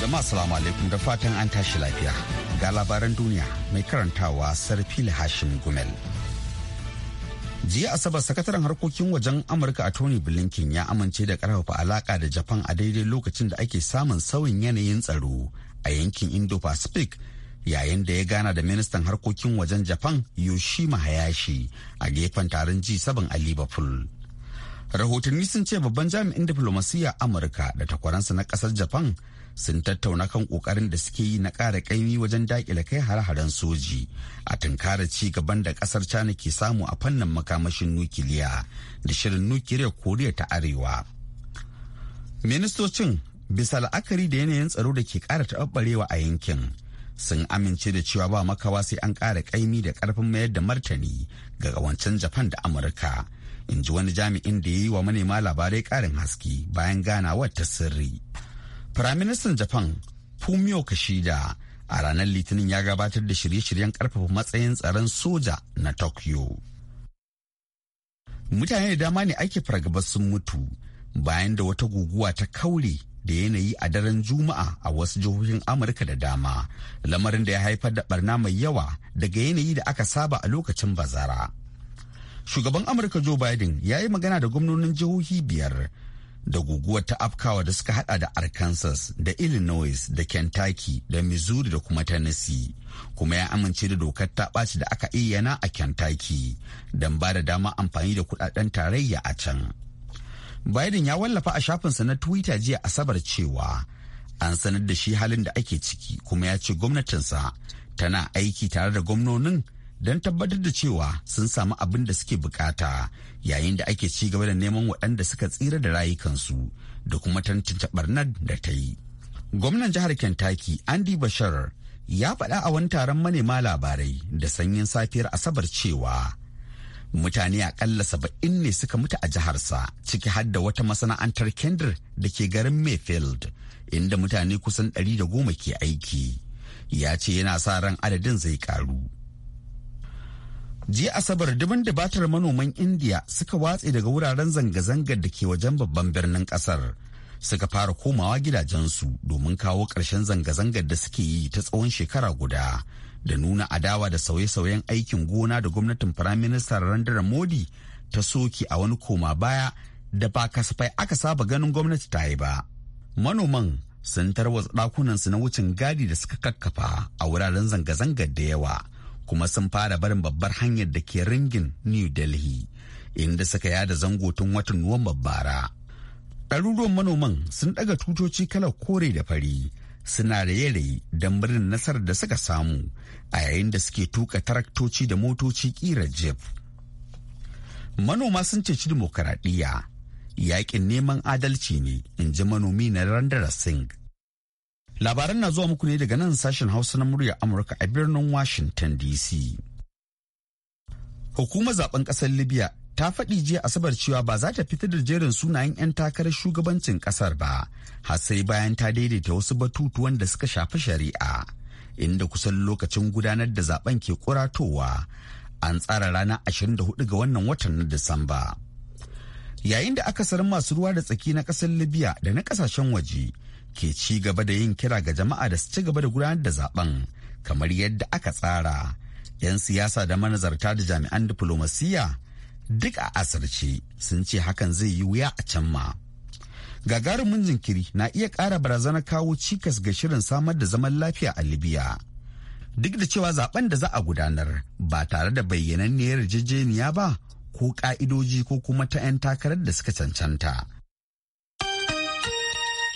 Jama'a salamu alaikum da fatan an tashi lafiya. Ga labaran duniya mai karantawa sarfili Hashim Gumel. Jiya Asabar sakataren harkokin wajen Amurka a Tony Blinken ya amince da karfafa alaka da Japan a daidai lokacin da ake samun sauyin yanayin tsaro a yankin Indo-Pacific yayin da ya gana da ministan harkokin wajen Japan Yoshima Hayashi a gefen taron ji sabon a Liverpool. Rahotanni sun ce babban jami'in diflomasiyya Amurka da takwaransa na kasar Japan sun tattauna kan kokarin da suke yi na ƙara ƙaimi wajen dakile kai har-haren soji a tunkara ci gaban da ƙasar china ke samu a fannin makamashin nukiliya da shirin nukiliyar koriya ta arewa ministocin bisa la'akari da yanayin tsaro da ke ƙara taɓarɓarewa a yankin sun amince da cewa ba makawa sai an ƙara ƙaimi da ƙarfin mayar da martani ga wancan japan da amurka in ji wani jami'in da ya yi wa manema labarai ƙarin haske bayan ganawar ta sirri Firaministan Japan Fumio kashida a ranar Litinin ya gabatar da shirye-shiryen karfafa matsayin tsaron soja na Tokyo. Mutane da dama ne ake fargaba sun mutu bayan da wata guguwa ta kaure da yanayi a daren Juma'a a wasu jihohin Amurka da dama, lamarin da ya haifar da barna mai yawa daga yanayi da aka saba a lokacin bazara. Shugaban Amurka Joe Biden ya yi magana da gwamnonin jihohi biyar da guguwar ta afkawa da suka hada da arkansas da illinois da kentucky da missouri da kuma tennessee kuma ya amince da dokar ta ɓaci da aka ayyana a kentucky don ba da dama amfani da kudaden tarayya a can biden ya wallafa a shafinsa na twitter jiya asabar cewa an sanar da shi halin da ake ciki kuma ya ce gwamnatinsa tana aiki tare da gwamnonin don tabbatar da cewa sun samu abin da suke bukata yayin da ake ci gaba da neman waɗanda suka tsira da rayukansu da kuma tantance barnar da ta yi. Gwamnan jihar Kentucky Andy bashar ya faɗa a wani taron manema labarai da sanyin safiyar Asabar cewa mutane akalla saba'in ne suka mutu a jiharsa ciki har da wata masana'antar kendir da ke garin Mayfield inda mutane kusan ɗari da goma ke aiki. Ya ce yana sa ran adadin zai karu. jiya asabar dubin dubatar manoman indiya suka watse daga wuraren zanga-zangar da ke wajen babban birnin kasar suka fara komawa gidajensu domin kawo ƙarshen zanga-zangar da suke yi ta tsawon shekara guda da nuna adawa da sauye-sauyen aikin gona da gwamnatin firaministan randara modi ta soki a wani koma baya da ba kasafai aka saba ganin gwamnati ta yi ba manoman sun tarwatsa ɗakunansu na wucin gadi da suka kakkafa a wuraren zanga-zangar da yawa kuma sun fara barin babbar hanyar da ke ringin new delhi inda suka yada zango tun watan nuwamban bara ɗaruruwan manoman sun ɗaga tutoci kalar kore da fari suna raye-raye don birnin nasarar da suka samu a yayin da suke tuka taraktoci da motoci ƙira jef manoma sun ceci dimokuraɗiyya yaƙin neman adalci ne in ji manomi na randara singh Labaran na zuwa muku ne daga nan sashen Hausa na muryar Amurka a birnin Washington DC. Hukumar zaben ƙasar Libya ta faɗi jiya Asabar cewa ba za ta fitar da jerin sunayen 'yan takarar shugabancin ƙasar ba, har sai bayan ta daidaita wasu batutuwan da suka shafi shari'a, inda kusan lokacin gudanar da zaben ke kuratowa. An tsara ranar 24 ga wannan watan na Disamba. Yayin da aka akasarin masu ruwa da tsaki na ƙasar Libya da na kasashen waje ke ci gaba da yin kira ga jama'a da su ci gaba da gudanar da zaben kamar yadda aka tsara 'yan siyasa da manazarta da jami'an diflomasiyya duk a asirce sun ce hakan zai yi wuya a can ma gagarumin jinkiri na iya ƙara barazanar kawo cikas ga shirin samar da zaman lafiya a libya duk da cewa zaben da za a gudanar ba tare da bayyananniyar yarjejeniya ba ko ka'idoji ko kuma ta 'yan takarar da suka cancanta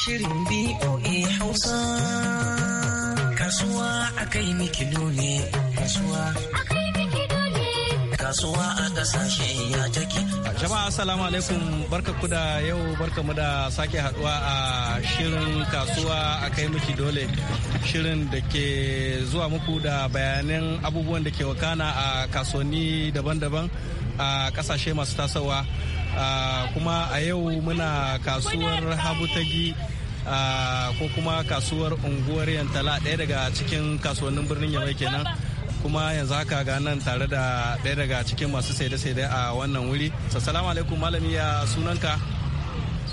shirin BOA Hausa. Kasuwa a kai mikido ne, kasuwa. Kasuwa a kasashe ya take. Jama'a assalamu alaikum barkaku da yau barkamu da sake haduwa a shirin kasuwa a kai miki dole shirin da ke zuwa muku da bayanan abubuwan da ke wakana a kasuwanni daban-daban a kasashe masu tasowa. Ah, kuma a yau muna kasuwar habutagi ah, ko kuma kasuwar unguwar yantala ɗaya daga cikin kasuwannin birnin yamai kenan kuma yanzu haka ga nan tare da ɗaya daga cikin masu saide-saide a wannan wuri assalamu alaikum malami ya sunanka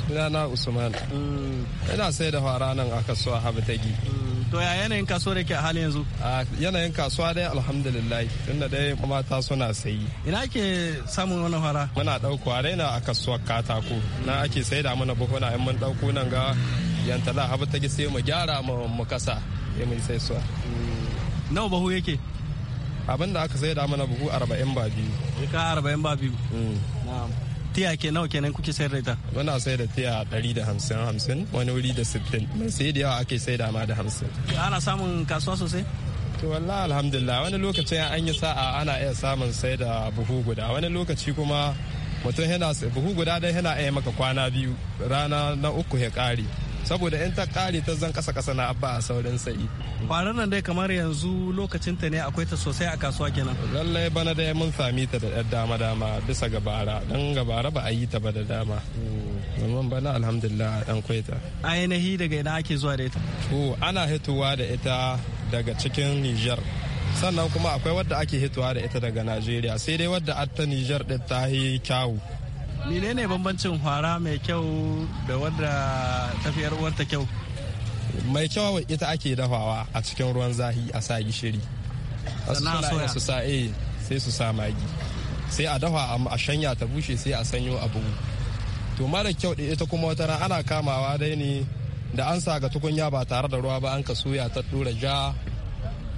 sunana usman mm. ina sai da fara nan a kasuwa habutagi mm. To ya yanayin kasuwar yake a halin yanzu? A yanayin kasuwa dai alhamdulillah tunda dai mata suna sayi. Ina ke samun wani fara? Muna dauko a raina a kasuwar katako na ake sai da mana buhuna in mun ɗauko nan ga yantala haɓa ta sai mu gyara mu kasa ya mai sai suwa. Nawa bahu yake? Abin da aka sai da mana buhu arba'in ba biyu. Ka arba'in ba biyu. Mm. tiya ke nawa kenan kuke sayar da ita muna sayar da tiya ɗari da hamsin hamsin wani wuri da sittin mai sai da yawa ake sai da ma da hamsin ana samun kasuwa sosai to wallahi alhamdulillah wani lokacin an yi sa'a ana iya samun sai da buhu guda wani lokaci kuma mutum yana buhu guda dai yana iya maka kwana biyu rana na uku ya kare saboda yan ta kare ta zan kasa kasa na abba a saurin sayi kwarar nan dai kamar yanzu lokacin ta ne akwai ta sosai a kasuwa kenan lallai bana dai mun sami ta da yar dama dama bisa gabara dan gabara ba a yi ta ba da dama zaman bana alhamdulillah dan kwaita ainihi daga ina ake zuwa da ita to ana hitowa da ita daga cikin Niger sannan kuma akwai wadda ake hitowa da ita daga Najeriya sai dai wadda ta Niger din ta yi kyawu menene bambancin hara mai kyau da wadda tafiyar uwarta kyau mai kyau ita ake dafawa a cikin ruwan zahi a sa gishiri su sa eh sai su sa magi sai a dafa a shanya ta bushe sai a sanyo a bugu to mara kyau da ita kuma wata ran ana kamawa dai ne da an sa ga tukunya ba tare da ruwa ba an ka suya ta dura ja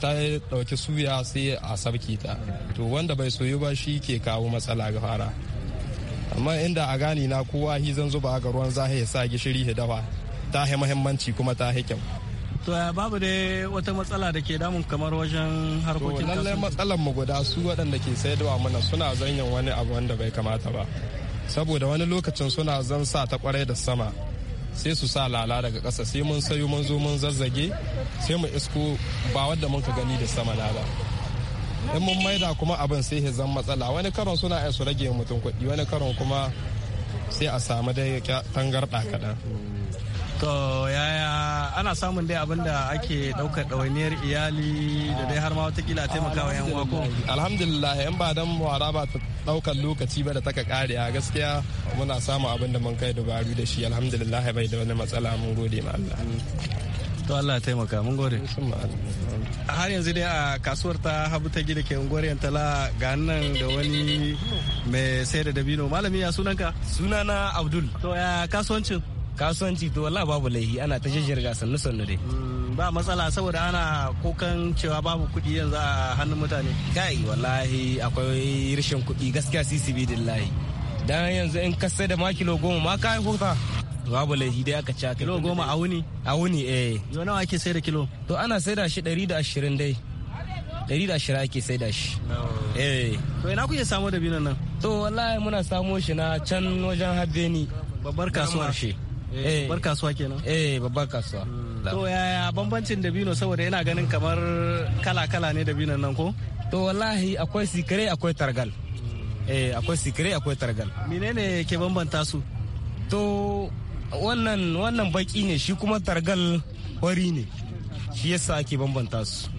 ta dauki suya sai a sabke ta to wanda bai soyu ba shi ke kawo matsala ga fara amma inda a gani na kowa zan zuba ga ruwan zahe ya sa gishiri ya dafa ta hi muhimmanci kuma ta hi kyau to ya babu dai wata matsala da ke damun kamar wajen harkokin lallai matsalar mu guda su waɗanda ke sayarwa mana suna zanyan wani abu wanda bai kamata ba saboda wani lokacin suna zan sa ta kwarai da sama sai su sa lala daga ƙasa sai mun sayo mun zo mun zazzage sai mu isko ba wadda ka gani da sama na ba in mun maida kuma abin sai ya zan matsala wani karon suna iya su rage mutum kuɗi wani karon kuma sai a samu dai tangarɗa kaɗan to yaya ana samun dai abin da ake ɗaukar ɗawainiyar iyali da dai har ma watakila a taimaka wa yan ko alhamdulillah in ba dan wara ba ta ɗaukar lokaci ba da taka kare a gaskiya muna samun abin da mun kai dubaru da shi alhamdulillah bai da wani matsala mun gode ma Allah to Allah ya taimaka mun gode har yanzu dai a kasuwar ta habu ta gida ke unguwar tala ga nan da wani mai sai da dabino malami ya sunanka sunana abdul to ya kasuwancin kasuwanci to wallahi babu laihi ana ta jajjirga sannu sannu dai mm, ba matsala saboda ana kokan cewa babu kuɗi yanzu a hannun mutane kai wallahi akwai rashin kuɗi gaskiya sisi bidillahi dan yanzu in ka sai da makilo goma ma ka huta babu laifi dai aka ci kilo goma a wuni a wuni eh yau nawa ake sai da kilo to ana sai da shi ɗari da ashirin dai ɗari da ashirin ake sai da shi eh to ina kuke samo da binan nan to wallahi muna samo shi na can wajen habbeni babbar kasuwar shi eh, eh. babbar kasuwa kenan eh babbar kasuwa to yaya bambancin dabino saboda ina ganin kamar kala-kala ne dabinon nan ko to wallahi akwai sikire akwai targal hmm. eh akwai sikire akwai targal menene ke bambanta su to wannan wannan baki ne shi kuma targal wari ne shi yasa ake bambanta su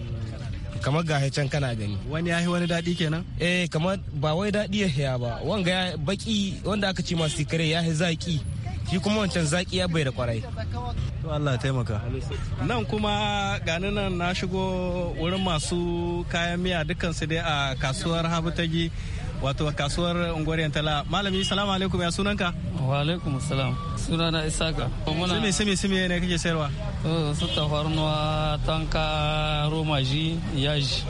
kamar ga can kana gani wani yahi wani daɗi kenan eh kamar ba wai daɗi ya haya ba wanga ya baki wanda aka ce masu kare ya zaki shi kuma wancan zaki ya bai da kwarai to Allah taimaka nan kuma gani nan na shigo wurin masu kayan miya dukkan su dai a kasuwar gi wato kasuwar unguwar yantala malami salamu alaikum ya sunanka wa alaikum salam sunana isaka sime sime sime ne kake sayarwa su farnuwa tanka romaji yaji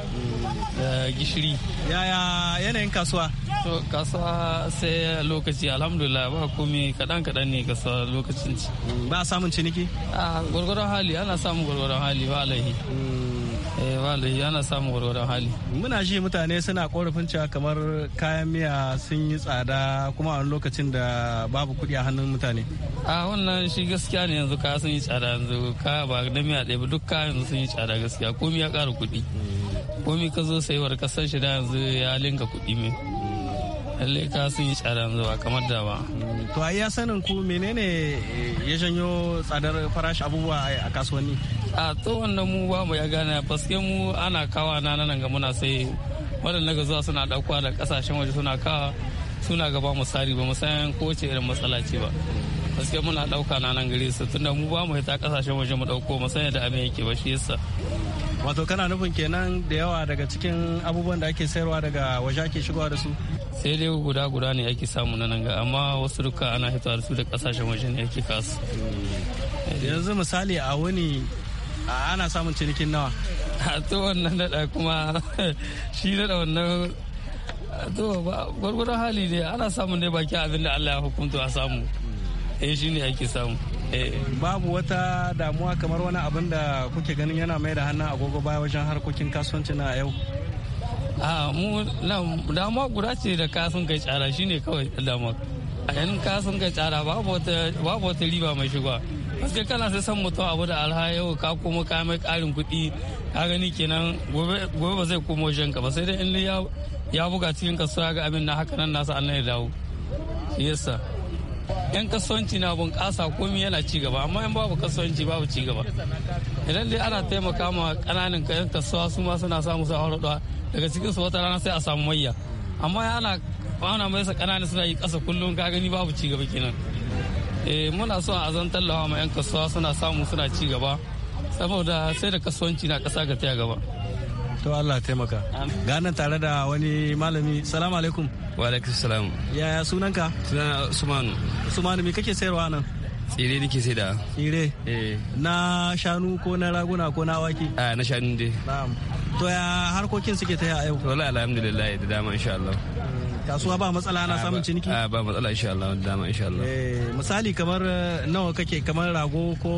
da gishiri yaya yanayin kasuwa to kasuwa sai lokaci alhamdulillah ba komai kadan kadan ne kasuwa lokacin ci ba samun ciniki a ah, gwargwaron hali ana samun gwargwaron hali ba alaihi hmm. eh ana samun gwargwadon hali muna ji mutane suna korafin cewa kamar kayan miya sun yi tsada kuma a wani lokacin da babu kudi a hannun mutane a wannan shi gaskiya ne yanzu ka sun yi tsada yanzu ka ba na miya ɗaya ba duk kaya yanzu sun yi tsada gaskiya komi ya ƙara kudi mm. komi ka zo sayuwar kasar shi yanzu ya linka kudi. mai lalle ka sun yi tsada zuwa kamar da ba to a iya sanin ku menene ya janyo tsadar farashi abubuwa a kasuwanni a to wannan mu ba mu ya gane paske mu ana kawa na nan ga muna sai waɗanda ga zuwa suna ɗaukuwa da ƙasashen waje suna kawa suna gaba misali ba musayan ko ce irin matsala ce ba gaskiya muna ɗauka na nan gare su tunda mu ba mu ta ƙasashen waje mu ɗauko musayan da abin yake ba shi yasa wato kana nufin kenan da yawa daga cikin abubuwan da ake sayarwa daga waje ake shigowa da su sai dai guda guda ne ake samu na nan ga amma wasu duka ana hitowa da su da kasashen waje ne ake kasu yanzu misali a wani ana samun cinikin nawa a to wannan dada kuma shi da wannan to gwargwaron hali ne ana samun ne baki abin da Allah ya hukunta a samu eh shi ne ake samu eh. babu wata damuwa kamar wani abin da kuke ganin yana mai da hannun agogo baya wajen harkokin kasuwanci na yau a mu dama guda ce da ka sun kai tsara shine kawai dama a yan ka sun kai tsara babu wata riba mai shigowa gaske kana sai san mutum abu da alha yau ka kuma ka mai karin kuɗi ka gani kenan gobe ba zai komo wajen ka ba sai dai in ya buga cikin kasuwa ga abin na haka nan nasa Allah ya dawo yasa yan kasuwanci na bunƙasa komi yana ci gaba amma in babu kasuwanci babu ci gaba idan dai ana taimaka ma kananan yan kasuwa su ma suna samu su aure daga cikin su wata rana sai a samu mayya amma ya ana kwana mai sa kanana suna yi kasa kullum ka gani babu ci gaba kenan eh muna so a zan tallafa ma yan kasuwa suna samu suna ci gaba saboda sai da kasuwanci na kasa ga ta gaba to Allah taimaka ganin tare da wani malami salamu alaikum wa alaikum salam yaya sunanka sunana usman usman me kake sayarwa nan tsire nake sai da tsire eh. na shanu ko na raguna ko na waki a ah, na shanu dai na'am to ya harkokin suke ta yau yau wallahi alhamdulillah da dama insha Allah mm, kasuwa ba matsala na samun ciniki a ba matsala insha Allah da dama insha Allah eh, misali kamar eh, nawa kake kamar rago ko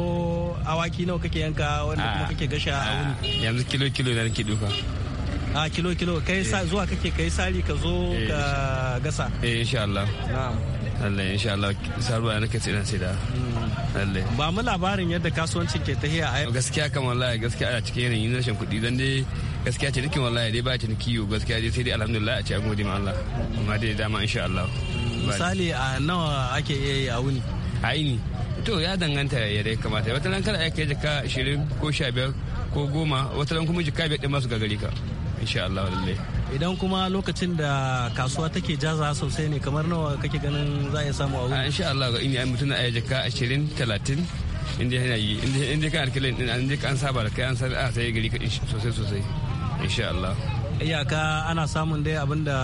awaki nawa kake yanka wanda kuma ah. kake gasha a wuni ah, yanzu kilo kilo na nake duka a ah, kilo kilo kai eh. zuwa kake kai sari ka zo ka gasa eh insha Allah na'am lalle sha Allah saruwa nake ce ina sai da Allah. ba mu labarin yadda kasuwancin ke tafiya a gaskiya kan wallahi gaskiya a cikin yanayin rashin kuɗi dan dai gaskiya ce nikin wallahi dai ba ce kiyo gaskiya dai sai dai alhamdulillah a ce an gode ma Allah amma dai dama insha Allah misali a nawa ake iya yi a wuni a to ya danganta ya dai kamata wata ran kada ake jika 20 ko 15 ko goma wata ran kuma jika biyar din masu gagari ka insha Allah wallahi. idan kuma lokacin da kasuwa take jaza sosai ne kamar nawa kake ganin za a samu a wuri insha Allah ga ini ai mutum na jaka 20 30 inda yana yi inda ka alkalin din an ka an saba da kai an san a sai gari ka sosai sosai insha Allah iyaka ana samun dai abin da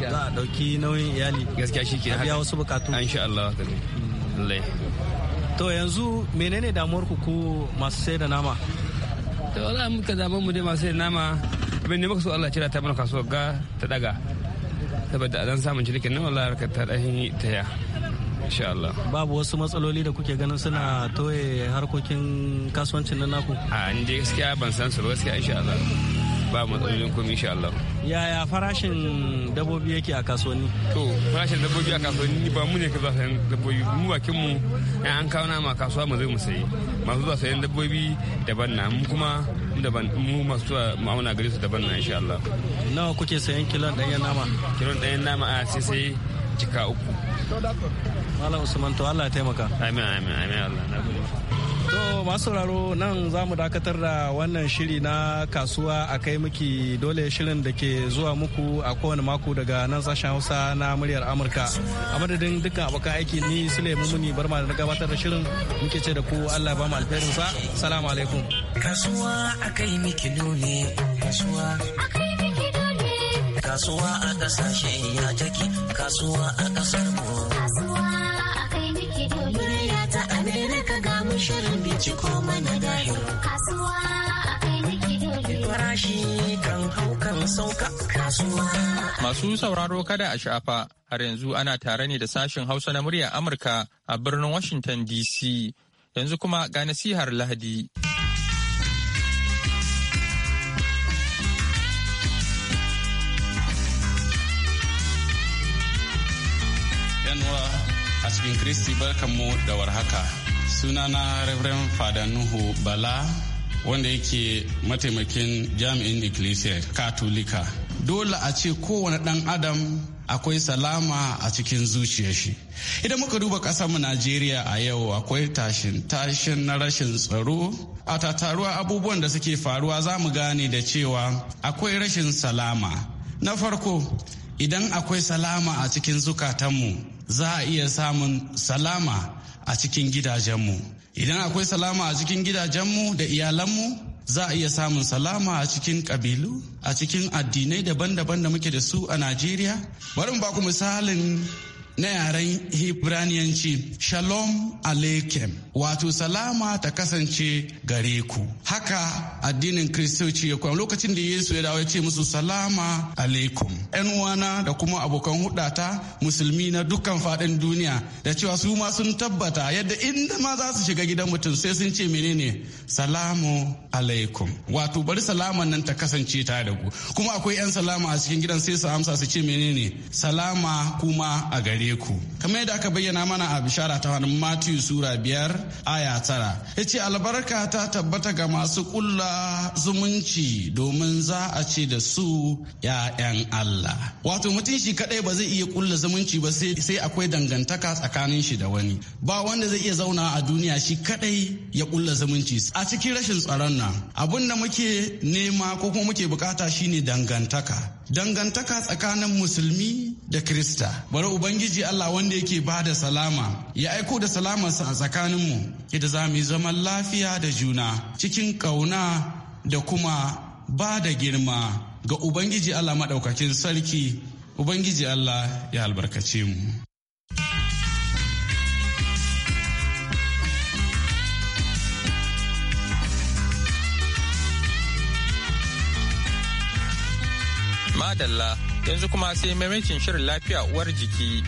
za a dauki nauyin iyali gaskiya shi ke biya wasu bukatu insha Allah haka hmm. to yanzu menene damuwar ku ku masu sai da nama to wala muka zama mu dai masu sai da nama abin ne maka so Allah cira ta mana kasuwar ga ta daga saboda a dan samun cinikin nan wallahi harkar ta ta ya insha Allah babu wasu matsaloli da kuke ganin suna toye harkokin kasuwancin nan naku a ni gaskiya ban san su ba gaskiya insha Allah ba matsalolin kuma insha Allah yaya farashin dabbobi yake a kasuwanni to farashin dabbobi a kasuwanni ba mu ne ka za sayan dabbobi mu bakin mu ɗan an kawo nama kasuwa mu zai mu sayi masu zuwa sayan dabbobi daban na mu kuma daban mu masu zuwa ma'auna gare su daban na insha Allah nawa kuke sayan kilon ɗanyen nama kilon ɗanyen nama a sai sai cika uku Malam Usman to Allah ya taimaka. Amin amin amin Allah na gode. To masu raro nan za mu dakatar da wannan shiri na kasuwa a kai muke dole shirin da ke zuwa muku a kowane mako daga nan sashen Hausa na muryar Amurka. A madadin dukkan abokan aiki ni Sule bar ma da gabatar da shirin muke ce da ku Allah ba mu alherin sa. Salamu alaikum. Kasuwa a kai muke dole. Kasuwa Kasuwa a kasashe ya take kasuwa a kasar mu. ciko mana Kasuwa kasuwa. Masu sauraro kada a shafa har yanzu ana tare ne da sashen Hausa na murya Amurka a birnin Washington DC. Yanzu kuma ga nasihar Lahadi. Yanwa a cikin Kristi barkanmu da warhaka. sunana reverend fada nuhu bala wanda yake mataimakin jami'in ecclesia katolika dole a ce kowane ɗan adam akwai salama a cikin zuciyar shi idan muka duba mu najeriya a yau akwai tashin tashin na rashin tsaro a tattaruwa abubuwan da suke faruwa za mu gane da cewa akwai rashin salama na farko idan akwai salama a cikin zukatanmu za a iya samun salama a cikin gidajenmu idan akwai salama a cikin gidajenmu da iyalanmu za a iya samun salama a cikin kabilu a cikin addinai daban-daban da muke da su a najeriya bari mu baku misalin na yaren Hibraniyanci Shalom Aleikem wato salama ta kasance gare ku. Haka addinin Kiristoci ya kwan lokacin da Yesu ya dawo ya ce musu salama alaikum. ‘Yan uwana da kuma abokan hudata musulmi na dukkan faɗin duniya da cewa su ma sun tabbata yadda inda ma za su shiga gidan mutum sai sun ce menene salamu alaikum. Wato bari salaman nan ta kasance ta da ku. Kuma akwai ‘yan salama a cikin gidan sai su amsa su ce menene salama kuma a gari. gare ku kamar yadda aka bayyana mana a bishara ta wani Matthew sura biyar aya tara ya ce albarka ta tabbata ga masu kulla zumunci domin za a ce da su ‘ya'yan Allah. Wato mutum shi kadai ba zai iya kulla zumunci ba sai akwai dangantaka tsakanin shi da wani. Ba wanda zai iya zauna a duniya shi kadai ya kulla zumunci. A cikin rashin tsaron nan abin da muke nema ko kuma muke bukata shine dangantaka. Dangantaka tsakanin musulmi da Krista. Bari Ubangiji Allah wanda yake ba da salama ya aiko da salamarsa a tsakaninmu yadda za mu yi zaman lafiya da juna cikin ƙauna da kuma ba da girma ga Ubangiji Allah maɗaukakin sarki Ubangiji Allah ya albarkace mu. Madalla yanzu kuma sai maimakin shirin lafiya uwar jiki.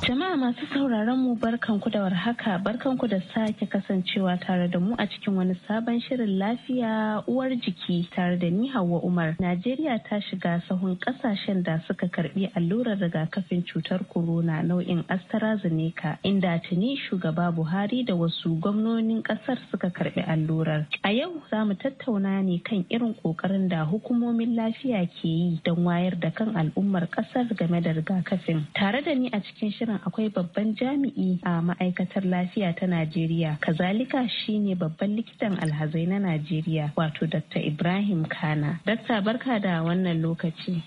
Jama'a masu sauraron mu barkanku da warhaka barkanku da sake kasancewa tare da mu a cikin wani sabon shirin lafiya uwar jiki tare da ni Hauwa Umar. Najeriya ta shiga sahun kasashen da suka karbi allurar rigakafin cutar corona nau'in AstraZeneca inda tuni shugaba Buhari da wasu gwamnonin kasar suka karbi allurar. A yau za mu tattauna ne kan irin kokarin da hukumomin lafiya ke yi don wayar da kan al'ummar kasar game da rigakafin. Tare da ni a cikin shirin kiran akwai babban jami'i a ma'aikatar lafiya ta najeriya kazalika shine babban likitan alhazai na najeriya wato dr ibrahim kana dakta barka da wannan lokaci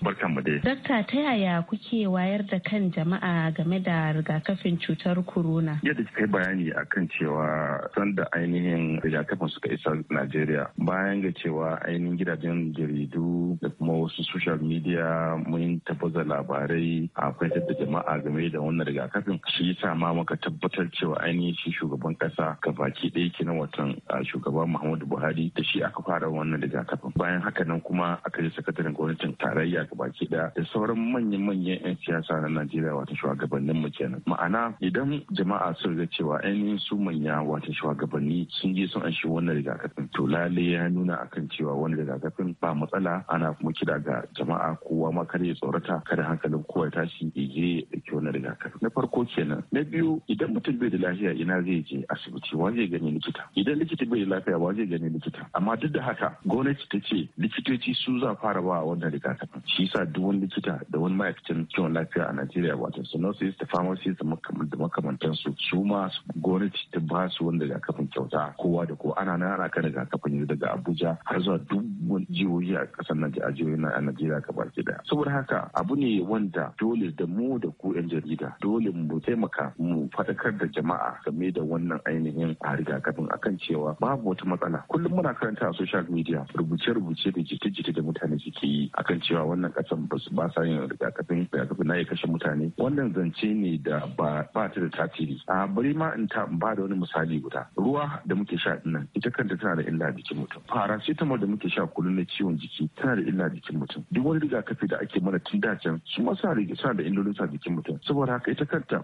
dakta ta yaya kuke wayar da kan jama'a game da rigakafin cutar corona yadda kika yi bayani akan cewa sanda ainihin rigakafin suka isa najeriya bayan ga cewa ainihin gidajen jaridu da kuma wasu social media mun tabbata labarai a kwantar da jama'a game da wannan rigakafin shi yasa ma muka tabbatar cewa ainihin shi shugaban kasa baki ɗaya kenan watan ah, shugaban Muhammadu Buhari da shi aka fara wannan rigakafin bayan haka nan kuma aka yi sakataren gwamnatin tarayya baki ɗaya da sauran manyan-manyan 'yan siyasa na Najeriya wato shugabannin mu kenan ma'ana idan jama'a sun ga cewa ainihin su manya wato shugabanni sun je sun anshi wannan rigakafin to lalle ya nuna akan cewa wani rigakafin ba matsala ana kuma kira ga jama'a kowa ma kada ya tsorata kada hankalin kowa ya tashi ya je ya ɗauki wannan rigakafin na farko kenan na biyu idan mutum bai da lafiya ina zai je asibiti wa zai gani likita idan likita bai da lafiya wa zai gani likita amma duk da haka gwamnati ta ce likitoci su za fara ba wannan rigakafin shi yasa duk wani likita da wani ma'aikacin kiwon lafiya a Najeriya wato nurses da pharmacists da makamantan su ma gwamnati ta ba su wani rigakafin kyauta kowa da kowa ana nan ana kan rigakafin ne daga Abuja har zuwa duk jihohi a kasar nan a jihohi na Najeriya gaba ki daya saboda haka abu ne wanda dole da mu da ku 'yan jarida dole dole mu taimaka mu faɗakar da jama'a game da wannan ainihin a rigakafin akan cewa babu wata matsala kullum muna karanta a social media rubuce-rubuce da jita-jita da mutane suke yi akan cewa wannan kasan ba sa yin rigakafin rigakafin na ya kashe mutane wannan zance ne da ba ta da tasiri a bari ma in ta ba da wani misali guda ruwa da muke sha nan ita kanta tana da illa jikin mutum paracetamol da muke sha kullum na ciwon jiki tana da illa jikin mutum duk wani rigakafi da ake mana tun da can su ma suna da illolin sa jikin mutum saboda haka ita kanta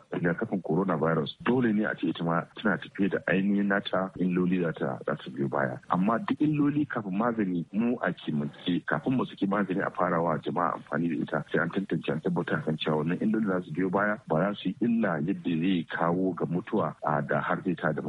corona coronavirus dole ne a ce ita ma tana tafiye da ainihin nata illoli za ta za ta biyo baya amma duk illoli kafin magani mu a kimance kafin mu saki magani a farawa jama'a amfani da ita sai an tantance an tabbata kan cewa wannan illoli za su biyo baya ba za su yi illa yadda zai kawo ga mutuwa a da har zai ta da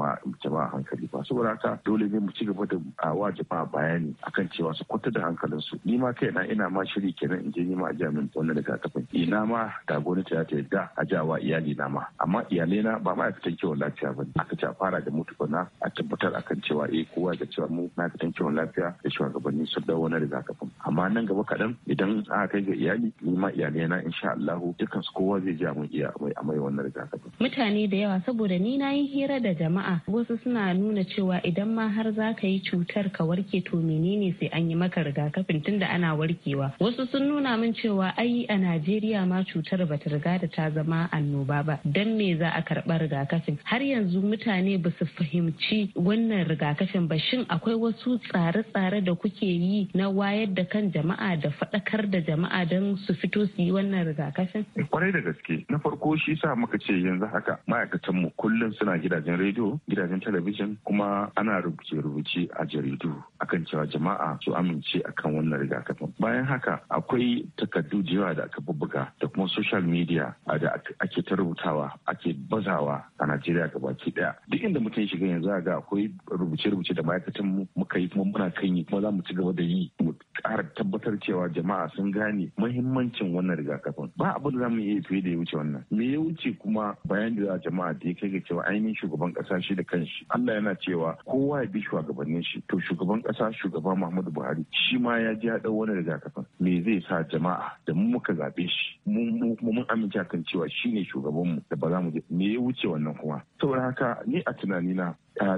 jama'a hankali ba saboda haka dole ne mu ci gaba da a wa jama'a bayani akan cewa su kwanta da hankalin su. ni ma kai na ina ma shiri kenan in je ni ma a jami'in wannan rigakafin ina ma da gwamnati ta yarda a jawa wa iyali na ma amma iyalai na ba ma'aikatan kiwon lafiya ba ne aka ce a fara da mutu na a tabbatar akan cewa eh kowa da cewa mu fitan kiwon lafiya da shugabanni su dawo na rigakafin amma nan gaba kaɗan idan a kai ga iyali ni ma iyalai na insha Allahu dukkan su kowa zai ji mun iya mai amai wannan rigakafin mutane da yawa saboda ni na yi hira da jama'a wasu suna nuna cewa idan ma har za ka yi cutar ka warke to menene sai an yi maka rigakafin tunda ana warkewa wasu sun nuna min cewa ai a Najeriya ma cutar bata riga da ta zama a annoba ba dan me za a karɓa rigakafin har yanzu mutane ba su fahimci wannan rigakafin ba shin akwai wasu tsare-tsare da kuke yi na wayar da kan jama'a da faɗakar da jama'a don su fito su yi wannan rigakafin? Eh, kwarai da gaske na farko shi sa muka ce yanzu haka ma'aikatan mu kullum suna gidajen rediyo gidajen talabijin kuma ana rubuce-rubuce a jaridu akan cewa jama'a su amince akan wannan rigakafin bayan haka akwai takardu da da aka bubbuga da kuma social media da ake ta rubutawa ake bazawa a Najeriya baki daya duk inda mutum shiga yanzu ga akwai rubuce-rubuce da ma'aikatan mu muka yi kuma muna kan yi kuma za mu ci gaba da yi mu ƙara tabbatar cewa jama'a sun gane muhimmancin wannan rigakafin ba abin da za mu iya fiye da ya wuce wannan me ya wuce kuma bayan da jama'a da ya kai ga cewa ainihin shugaban ƙasa shi da kanshi Allah yana cewa kowa ya bi shugabannin shi to shugaban ƙasa shugaba Muhammadu Buhari shi ma ya ji haɗa wannan rigakafin me zai sa jama'a da mu muka zaɓe shi mun amince kan cewa shi ne shugabanmu da ba za mu je me ya wuce wannan kuma saboda haka ni a tunanina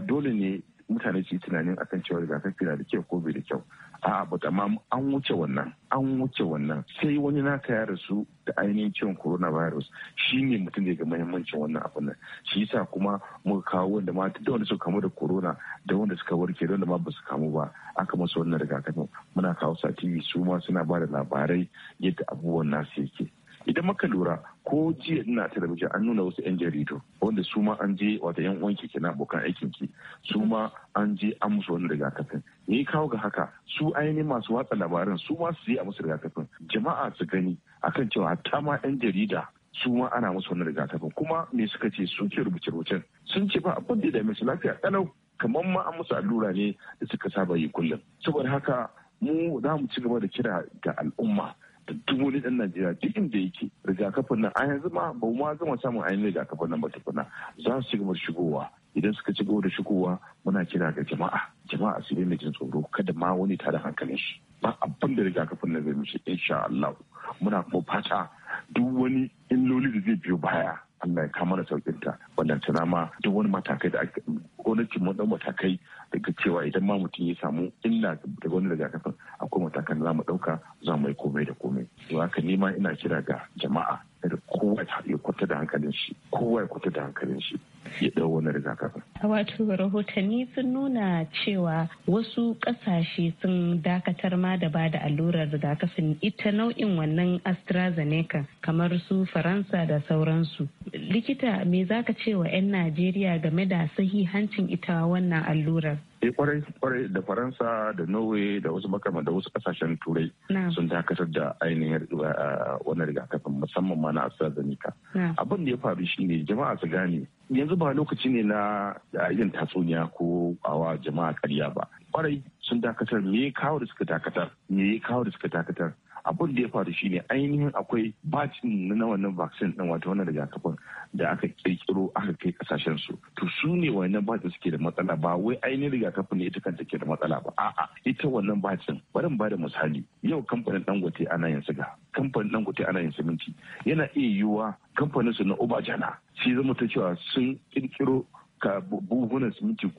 dole ne mutane su yi tunanin akan cewa rigakafi na da kyau ko bai da kyau a'a ba amma an wuce wannan an wuce wannan sai wani naka ya rasu da ainihin ciwon coronavirus shi ne mutum da ga mahimmancin wannan abin nan shi yasa kuma muka kawo wanda ma da wanda suka kamu da corona da wanda suka warke da wanda ma ba su kamu ba aka masu wannan rigakafin muna kawo sa tv su ma suna ba da labarai yadda abubuwan nasu yake idan muka lura ko jiya ina talabijin an nuna wasu 'yan jaridu wanda su ma an je wata 'yan uwanki kina abokan aikin ki su ma an je an musu wani rigakafin me kawo ga haka su ainihin masu watsa labaran su ma su yi a musu rigakafin jama'a su gani akan cewa hatta ma 'yan jarida su ma ana musu wani rigakafin kuma me suka ce sun ce rubuce-rubucen sun ce ba abin da ya dame su lafiya kalau kamar ma an musu allura ne da suka saba yi kullum saboda haka mu za mu ci gaba da kira ga al'umma da duk wani ɗan Najeriya duk inda yake rigakafin nan a yanzu ma ba ma zama samun ainihin rigakafin nan ba tukuna za su cigaba shigowa idan suka ci da shigowa muna kira ga jama'a jama'a su daina jin tsoro kada ma wani tare hankalin shi ba abin da rigakafin nan zai mishi insha Allah muna kuma fata duk wani illoli da zai biyo baya Allah ya kama da saukin ta wannan tana ma duk wani matakai da ake gwamnati mun dau matakai daga cewa idan ma mutum ya samu illa da wani rigakafin akwai matakan da za mu dauka za mu yi komai da komai to haka ni ma ina kira ga jama'a da kowa ya kwata da hankalin shi kowa ya kwata da hankalin shi ya ɗau wani rigakafi. Wato rahotanni sun nuna cewa wasu ƙasashe sun dakatar ma da bada allurar rigakafin ita nau'in wannan AstraZeneca kamar su Faransa da sauransu. Likita me zaka ce wa 'yan Najeriya game da sahihancin ita wannan allurar? eh kwarai da faransa da norway da wasu makama da wasu kasashen turai sun dakatar da ainihin eh, wani rigakafin musamman ma na astrazeneca abin da ya faru shine jama'a su gane yanzu ba lokaci ne na irin ah, tatsuniya ko awa jama'a karya ba kwarai sun dakatar me ya kawo da suka dakatar me ya kawo da suka dakatar abin da ya faru shine ainihin akwai batin na wannan vaccine din wato wannan rigakafin da aka kirkiro aka kai kasashen su to su ne wannan batin suke da matsala ba wai ainihin rigakafin ne ita kanta ke da matsala ba a'a ita wannan batin bari mu bada misali yau kamfanin dangote ana yin siga kamfanin dangote ana yin siminti yana iya yiwuwa kamfanin su na obajana sai zama ta cewa sun kirkiro ka buhunan siminti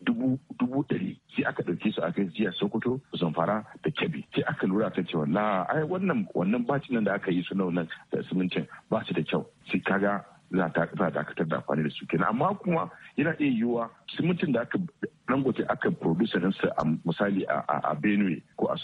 dubu ɗari sai aka ɗauke su a kai jiya sokoto zamfara da kebbi sai aka lura ta cewa la ai wannan wannan bacin nan da aka yi su na wannan simintin ba su da kyau sai kaga za ta dakatar da amfani da su kenan amma kuma yana iya yiwuwa simintin da aka dangote aka producer ɗinsa a misali a benue ko a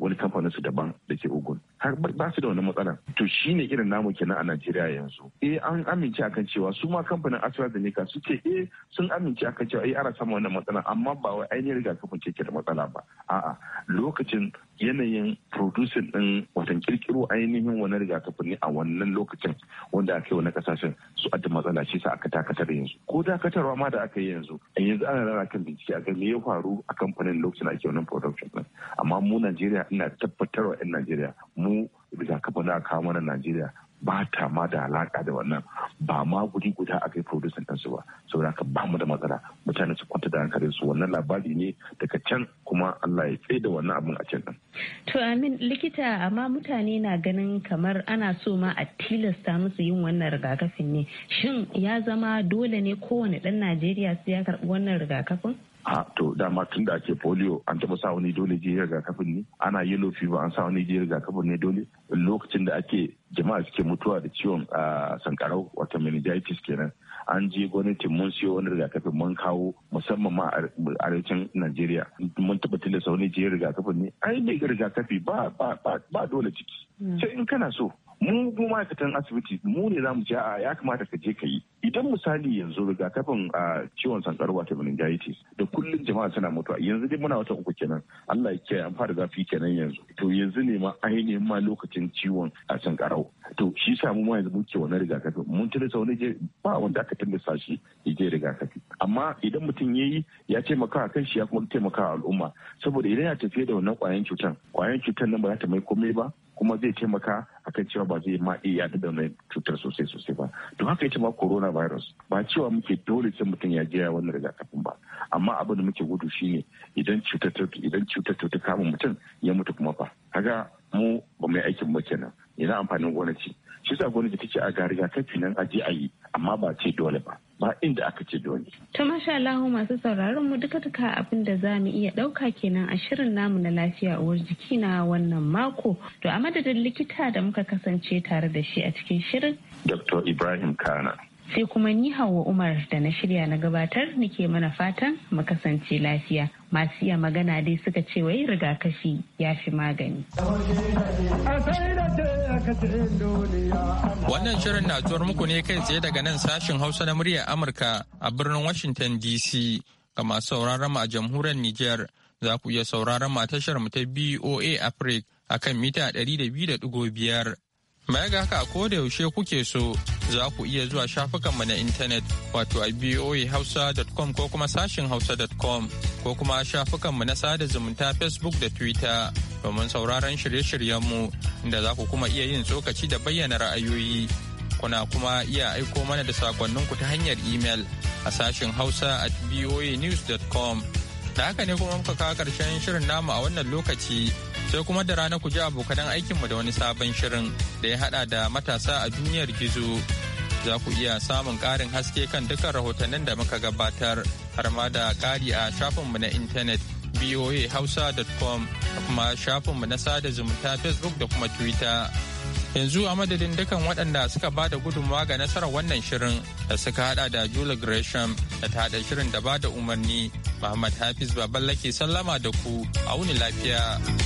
wani kamfanin su daban da ke ogun har ba su da wani matsala. to shine irin namu kenan a Najeriya yanzu eh an amince akan cewa su ma kamfanin AstraZeneca su ce eh sun amince akan cewa eh ana samun wannan matsala amma ba wai ainihin rigakafin ce ke da matsala ba a'a lokacin yanayin producing din watan kirkiro ainihin wani rigakafin ne a wannan lokacin wanda aka yi wani kasashen su adda matsala shi sa aka dakatar yanzu ko dakatarwa ma da aka yi yanzu a yanzu ana rara kan bincike a me ya faru a kamfanin lokacin ake wannan production din amma mu Najeriya ina tabbatarwa 'yan Najeriya mu rigakafin na kawo mana Najeriya ba ta ma da alaka da wannan ba ma guri guda a kai producing ɗansu ba saboda da ba mu da matsala mutane su kwanta da hankalin su wannan labari ne daga can kuma Allah ya tsaye da wannan abin a can ɗan. To amin likita amma mutane na ganin kamar ana so ma a tilasta musu yin wannan rigakafin ne shin ya zama dole ne kowane ɗan Najeriya su ya karɓi wannan rigakafin? a to dama tun da ake polio an taba sa wani dole jiya rigakafin ne ana yellow fever an sa wani jiya rigakafin ne dole lokacin da ake jama'a suke mutuwa da ciwon a sankarau wata meningitis kenan an je gwamnatin mun siyo wani rigakafin mun kawo musamman ma a arewacin najeriya mun taba tilasta wani je rigakafin ne ai mai rigakafi ba ba ba dole ciki hmm. sai in kana so mu mu ma'aikatan asibiti mu ne za mu ce a ya kamata ka je ka yi idan misali yanzu rigakafin a ciwon sankara wato meningitis da kullum jama'a suna mutuwa yanzu dai muna wata uku kenan Allah ya kiyaye an fara zafi kenan yanzu to yanzu ne ma ainihin ma lokacin ciwon a sankarau to shi sa mu ma yanzu muke wannan rigakafin mun tilasta wani ne ba wanda aka tilasta shi ya je rigakafi amma idan mutum ya yi ya taimaka kan shi ya kuma taimaka al'umma saboda idan ya tafiye da wannan kwayan cutan kwayan cutan nan ba za ta mai komai ba kuma zai taimaka akan cewa ba zai ma iya yaɗa da mai cutar sosai sosai ba don haka ya ce ma coronavirus ba cewa muke dole sai mutum ya je wannan rigakafin ba amma abin da muke gudu shine idan cutar idan cutar ta kama mutum ya mutu kuma fa kaga mu ba mu yi aikin ba kenan ina amfanin gwamnati shi sa gwamnati take a ga rigakafi nan a je a yi amma ba ce dole ba ba inda aka ce dole. Ta masha Allah masu sauraron mu duka duka abin da za mu iya ɗauka kenan a shirin namu na lafiya uwar jiki na wannan mako. To a madadin likita da muka kasance tare da shi a cikin shirin. Dr. Ibrahim Kana. sai kuma ni hawa umar da na shirya na gabatar nike mana fatan mu kasance lafiya masu iya magana dai suka ce wai rigakafi ya fi magani wannan shirin na zuwar muku ne kai tsaye daga nan sashin hausa na muryar amurka a birnin washington dc ga masu sauraron mu a jamhuriyar niger za ku iya sauraron mu a tashar mu ta boa africa akan mita 200.5 mai ga haka a da yaushe kuke so za ku iya zuwa shafukanmu na intanet wato a voahausa.com ko kuma sashin hausa.com ko kuma shafukanmu na sada zumunta facebook da twitter domin sauraron shirye-shiryenmu inda za ku kuma iya yin tsokaci da bayyana ra'ayoyi kuna kuma iya aiko mana da sakonninku ta hanyar email a sashin hausa at voanews.com da haka ne kuma muka kawo karshen shirin namu a wannan lokaci sai kuma da rana ku ji abokan aikinmu da wani sabon shirin da ya hada da matasa a duniyar gizo. Za ku iya samun karin haske kan dukkan rahotannin da muka gabatar har ma da ƙari a shafinmu na intanet voahausa.com da kuma shafinmu na sada zumunta Facebook da kuma Twitter. Yanzu a madadin dukkan waɗanda suka ba da gudunmawa ga nasarar wannan shirin da suka hada da Julie Gresham da ta hada shirin da ba da umarni Muhammad Hafiz ke sallama da ku a wuni lafiya.